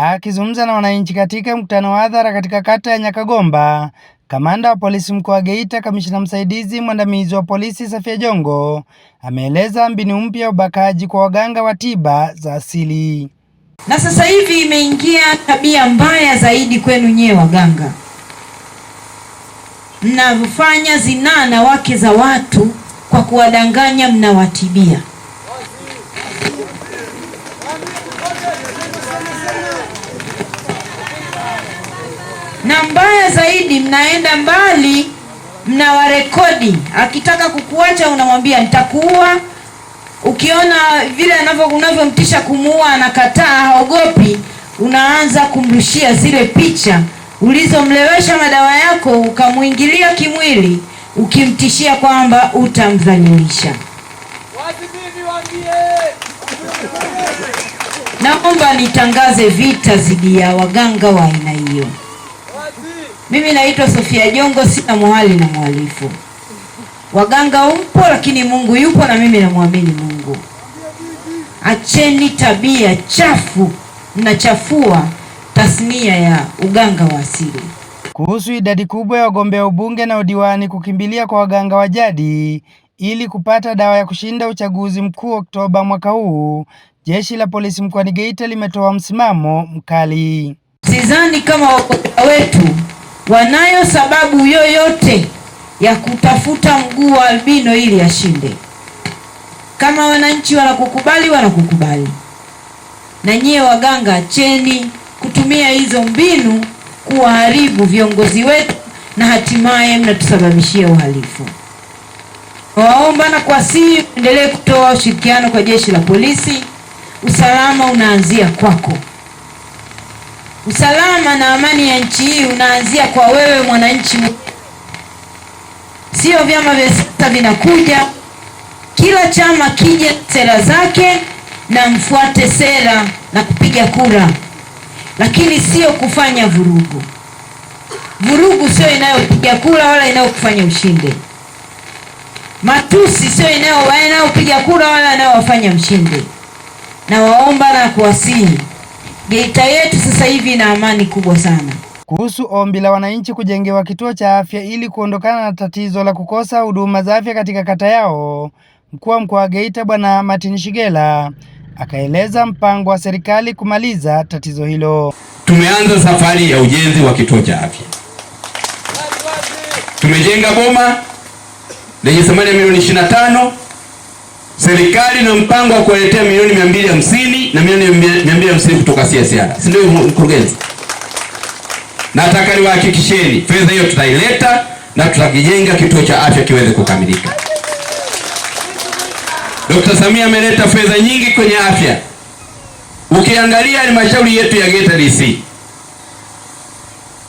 Akizungumza na wananchi katika mkutano wa hadhara katika kata ya Nyakagomba, kamanda wa polisi mkoa wa Geita, kamishina msaidizi mwandamizi wa polisi Safia Jongo ameeleza mbinu mpya ya ubakaji kwa waganga wa tiba za asili. Na sasa hivi imeingia tabia mbaya zaidi kwenu nyewe waganga, mnafanya zinaa na wake za watu kwa kuwadanganya mnawatibia na mbaya zaidi, mnaenda mbali, mnawarekodi. Akitaka kukuacha unamwambia nitakuua. Ukiona vile unavyomtisha kumuua, anakataa, haogopi, unaanza kumrushia zile picha ulizomlewesha madawa yako, ukamwingilia kimwili, ukimtishia kwamba utamdhalilisha. Naomba nitangaze vita dhidi ya waganga wa aina hiyo. Mimi naitwa Sofia Jongo, sina muhali na mhalifu. Waganga upo lakini Mungu yupo na mimi namwamini Mungu. Acheni tabia chafu, mnachafua tasnia ya uganga wa asili. Kuhusu idadi kubwa ya wagombea ubunge na udiwani kukimbilia kwa waganga wa jadi ili kupata dawa ya kushinda uchaguzi mkuu Oktoba mwaka huu, jeshi la polisi mkoani Geita limetoa msimamo mkali. Sidhani kama wagombea wetu Wanayo sababu yoyote ya kutafuta mguu wa albino ili ashinde? Kama wananchi wanakukubali, wanakukubali. Na nyie waganga, acheni kutumia hizo mbinu kuwaharibu viongozi wetu, na hatimaye mnatusababishia uhalifu. Waomba na kuwasihi endelee kutoa ushirikiano kwa jeshi la polisi. Usalama unaanzia kwako. Usalama na amani ya nchi hii unaanzia kwa wewe mwananchi, sio vyama vya siasa vinakuja. Kila chama kije sera zake na mfuate sera na kupiga kura, lakini sio kufanya vurugu. Vurugu sio inayopiga kura wala inayokufanya ushinde. Matusi sio inayopiga kura wala inayowafanya mshinde. Nawaomba na kuwasihi Geita yetu sasa hivi ina amani kubwa sana. Kuhusu ombi la wananchi kujengewa kituo cha afya ili kuondokana na tatizo la kukosa huduma za afya katika kata yao, mkuu wa mkoa wa Geita Bwana Martin Shigela akaeleza mpango wa serikali kumaliza tatizo hilo. Tumeanza safari ya ujenzi wa kituo cha afya. Tumejenga boma lenye thamani ya milioni 25 serikali na mpango wa kuwaletea milioni 250 na milioni 250 kutoka CSR, si ndio mkurugenzi? Nataka niwahakikisheni fedha hiyo tutaileta na tutakijenga kituo cha afya kiweze kukamilika. Dr. Samia ameleta fedha nyingi kwenye afya. Ukiangalia halmashauri yetu ya Geita DC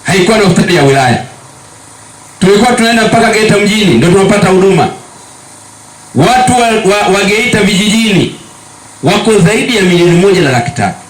haikuwa na hospitali ya wilaya, tulikuwa tunaenda mpaka Geita mjini ndio tunapata huduma watu wa, wa, wa Geita vijijini wako zaidi ya milioni moja na laki tatu.